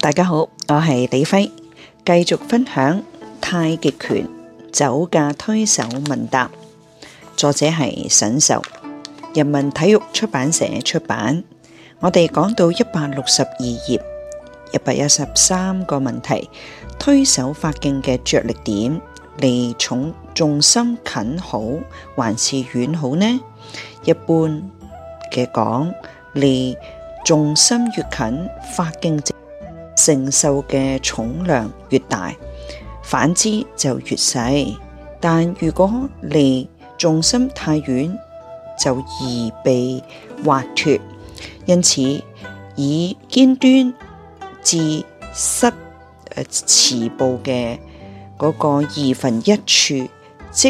大家好，我係李輝，繼續分享太極拳走架推手問答，作者係沈壽，人民體育出版社出版。我哋講到一百六十二頁一百一十三個問題，推手發勁嘅着力點離重重心近好還是遠好呢？一般嘅講，離重心越近，發勁。承受嘅重量越大，反之就越細。但如果離重心太遠，就易被滑脱。因此，以肩端至膝誒持部嘅嗰個二分一處，即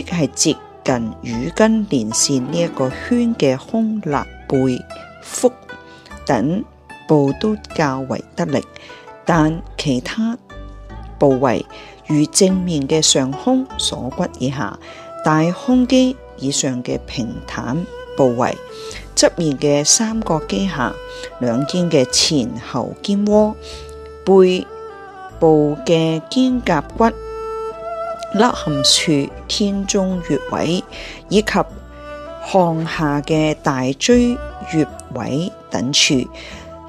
係接近乳根連線呢一個圈嘅胸肋背腹等部都較為得力。但其他部位如正面嘅上胸鎖骨以下、大胸肌以上嘅平坦部位、側面嘅三角肌下、兩肩嘅前後肩窩、背部嘅肩胛骨、凹陷處、天中穴位以及項下嘅大椎穴位等處。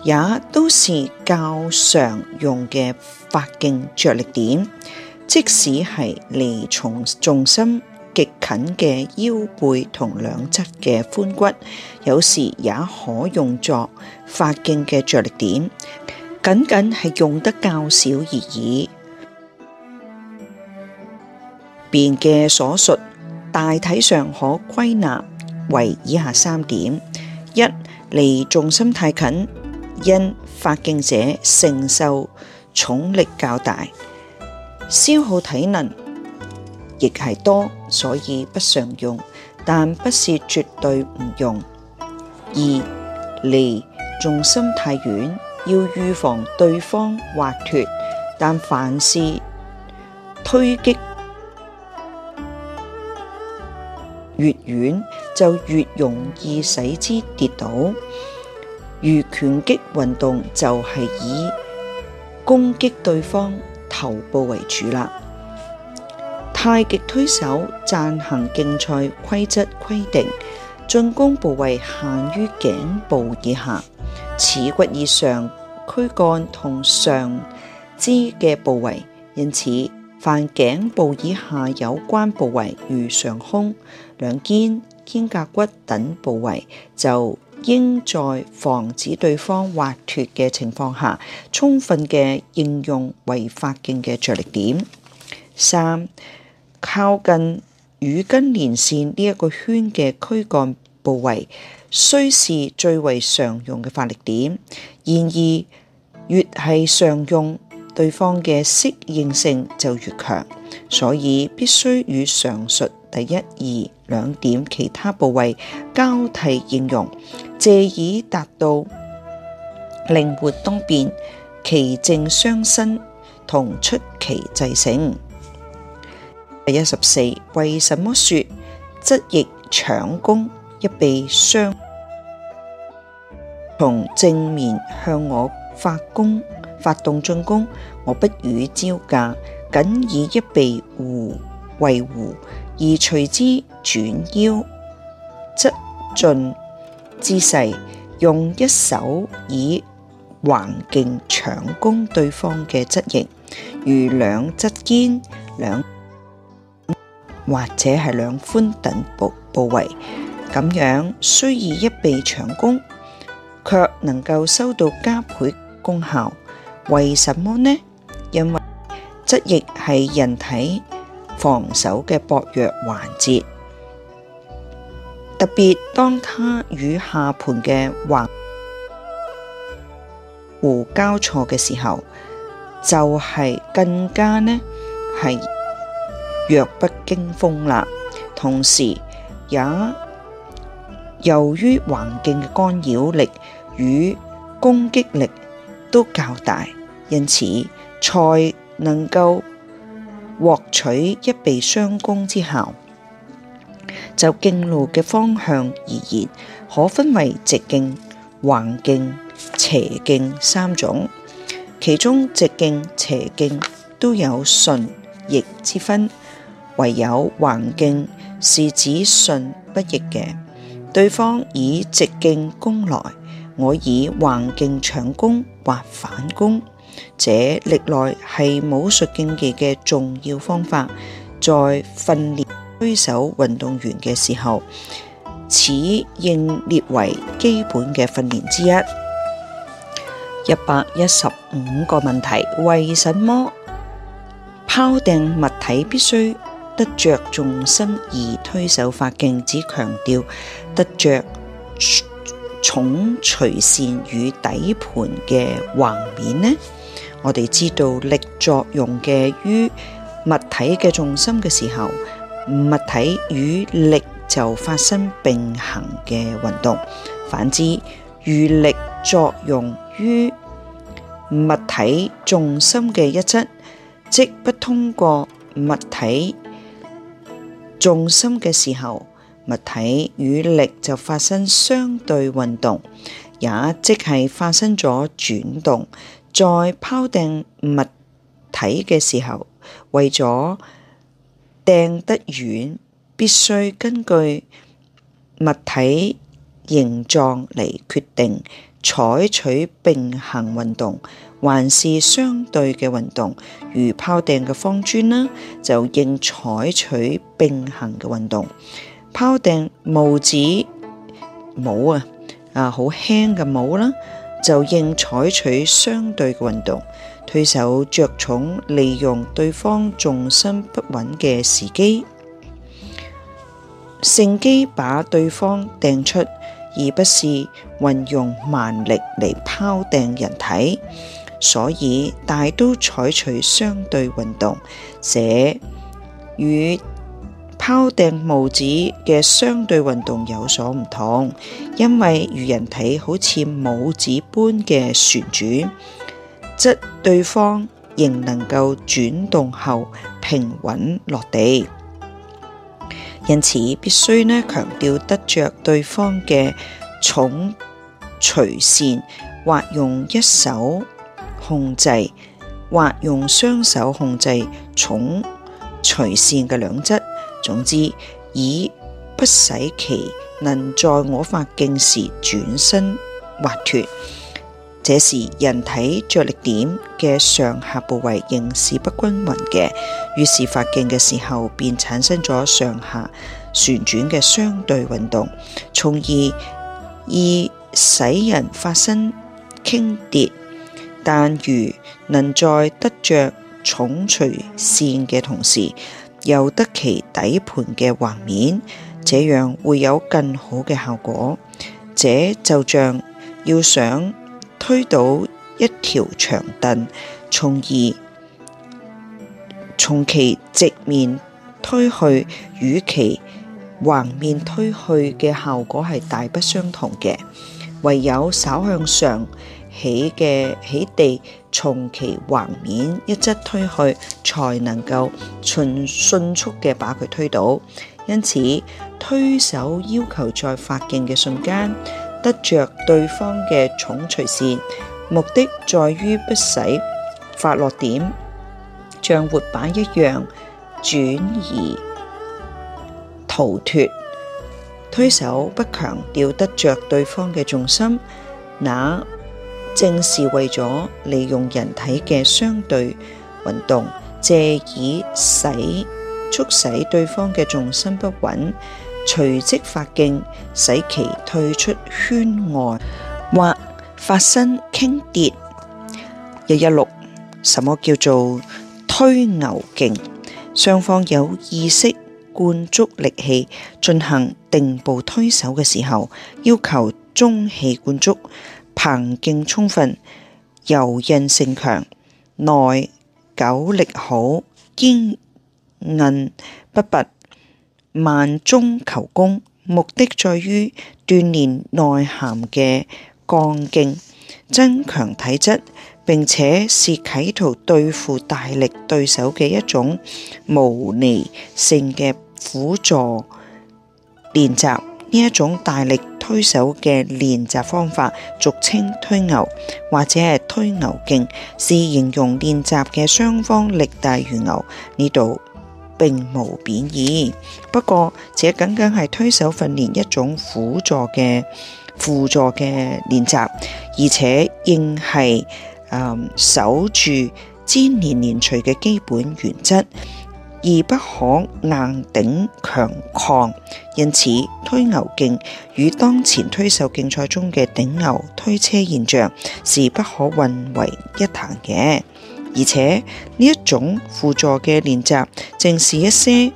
也都是較常用嘅發勁着力點，即使係離重重心極近嘅腰背同兩側嘅髖骨，有時也可用作發勁嘅着力點，僅僅係用得較少而已。便嘅所述大體上可歸納為以下三點：一、離重心太近。因發勁者承受重力較大，消耗體能亦係多，所以不常用，但不是絕對唔用。二、離重心太遠，要預防對方滑脫，但凡事推擊越遠，就越容易使之跌倒。如拳擊運動就係以攻擊對方頭部為主啦。太極推手暫行競賽規則規定，進攻部位限於頸部以下、恥骨以上、軀幹同上肢嘅部位，因此凡頸部以下有關部位，如上胸、兩肩、肩胛骨等部位就，應在防止對方滑脱嘅情況下，充分嘅應用違法勁嘅着力點。三，靠近乳根連線呢一個圈嘅軀幹部位，雖是最為常用嘅發力點，然而越係常用，對方嘅適應性就越強。所以必須與上述第一、二兩點其他部位交替應用，借以達到靈活多變、奇正相生同出奇制勝。第一十四，為什麼說質易搶攻，一被傷從正面向我發攻、發動進攻，我不予招架？僅以一臂弧為弧，而隨之轉腰，側進姿勢，用一手以橫勁搶攻對方嘅側翼，如兩側肩、兩或者係兩髖等部部位，咁樣雖以一臂搶攻，卻能夠收到加倍功效。為什麼呢？因為側亦係人體防守嘅薄弱環節，特別當它與下盤嘅環弧交錯嘅時候，就係、是、更加呢係弱不禁風啦。同時也由於環境嘅干擾力與攻擊力都較大，因此菜能夠獲取一臂雙功之效，就徑路嘅方向而言，可分為直徑、橫徑、斜徑三種。其中直徑、斜徑都有順逆之分，唯有橫徑是指順不逆嘅。對方以直徑攻來，我以橫徑搶攻或反攻。這歷來係武術競技嘅重要方法，在訓練推手運動員嘅時候，此應列為基本嘅訓練之一。一百一十五個問題：為什麼拋定物體必須得着重心？而推手法徑只強調得着重垂線與底盤嘅橫面呢？我哋知道力作用嘅於物體嘅重心嘅時候，物體與力就發生並行嘅運動，反之，如力作用於物體重心嘅一側，即不通過物體重心嘅時候，物體與力就發生相對運動，也即係發生咗轉動。在拋掟物體嘅時候，為咗掟得遠，必須根據物體形狀嚟決定採取並行運動還是相對嘅運動。如拋掟嘅方磚啦，就應採取並行嘅運動。拋掟帽子帽啊，帽啊好輕嘅帽啦。就應採取相對的運動，推手着重利用對方重心不穩嘅時機，乘機把對方掟出，而不是運用蠻力嚟拋掟人體。所以大都採取相對運動，這與敲定帽子嘅相對運動有所唔同，因為如人體好似拇指般嘅旋轉，則對方仍能夠轉動後平穩落地。因此必須呢強調得着對方嘅重垂線，或用一手控制，或用雙手控制重垂線嘅兩側。總之，以不使其能在我發勁時轉身滑脱，這時人體着力點嘅上下部位仍是不均勻嘅。於是發勁嘅時候，便產生咗上下旋轉嘅相對運動，從而易使人發生傾跌。但如能在得着重錘線嘅同時，有得其底盤嘅橫面，這樣會有更好嘅效果。這就像要想推倒一條長凳，從而從其直面推去，與其橫面推去嘅效果係大不相同嘅。唯有稍向上。起嘅起地，從其橫面一側推去，才能夠迅迅速嘅把佢推倒。因此，推手要求在發勁嘅瞬間得著對方嘅重垂線，目的在於不使發落點像活板一樣轉移逃脫。推手不強調得著對方嘅重心，那正是為咗利用人體嘅相對運動，借以使促使對方嘅重心不穩，隨即發勁，使其退出圈外或發生傾跌。一一六，什麼叫做推牛勁？雙方有意識灌足力氣進行定步推手嘅時候，要求中氣灌足。彈性充分，柔韌性強，耐久力好，堅韌不拔，慢中求功，目的在於鍛煉內含嘅剛勁，增強體質，並且是企圖對付大力對手嘅一種模擬性嘅輔助練習呢一種大力，推手嘅練習方法，俗稱推牛或者係推牛勁，是形容練習嘅雙方力大如牛。呢度並無貶義，不過這僅僅係推手訓練一種輔助嘅輔助嘅練習，而且應係、嗯、守住粘連連隨嘅基本原則。而不可硬頂強抗，因此推牛勁與當前推手競賽中嘅頂牛推車現象是不可混為一談嘅。而且呢一種輔助嘅練習，正是一些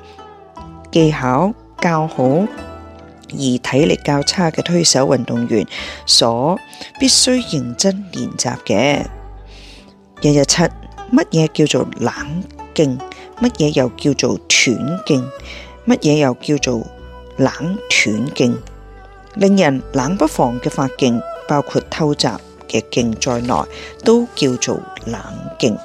技巧較好而體力較差嘅推手運動員所必須認真練習嘅。日日七乜嘢叫做冷勁？乜嘢又叫做斷勁？乜嘢又叫做冷斷勁？令人冷不防嘅發勁，包括偷襲嘅勁在內，都叫做冷勁。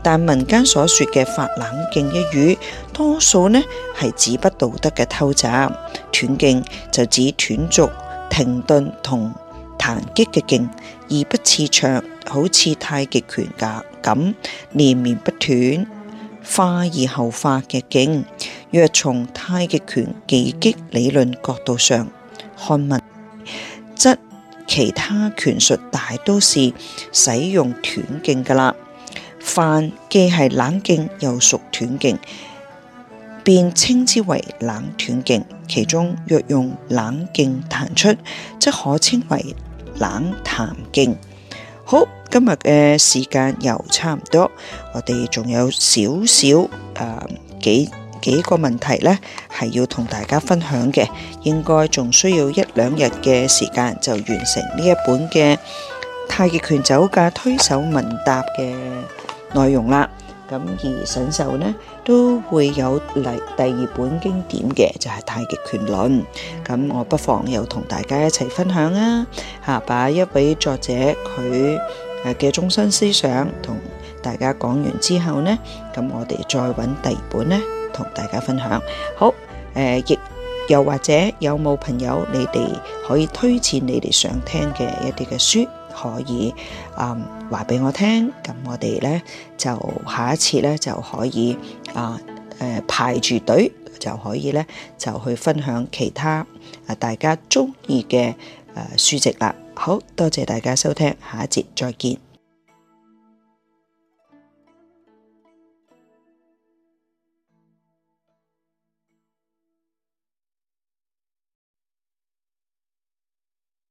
但民間所說嘅發冷勁一語，多數呢係指不道德嘅偷襲。斷勁就指斷續、停頓同彈擊嘅勁，而不似長，好似太極拳架咁連綿不斷。化而後化嘅勁，若從太極拳技擊理論角度上看問，則其他拳術大都是使用斷勁噶啦。凡既係冷勁又屬斷勁，便稱之為冷斷勁。其中若用冷勁彈出，則可稱為冷彈勁。好。今日嘅時間又差唔多，我哋仲有少少誒幾幾個問題咧，係要同大家分享嘅，應該仲需要一兩日嘅時間就完成呢一本嘅太極拳走架推手問答嘅內容啦。咁而神秀咧都會有第第二本經典嘅，就係太極拳論。咁我不妨又同大家一齊分享啊！吓，把一位作者佢。誒嘅中心思想同大家講完之後呢，咁我哋再搵第二本呢，同大家分享。好，誒亦又或者有冇朋友你哋可以推薦你哋想聽嘅一啲嘅書，可以啊話俾我聽，咁我哋咧就下一次咧就可以啊誒排住隊就可以咧就去分享其他啊大家中意嘅誒書籍啦。好，多謝大家收聽，下一節再見。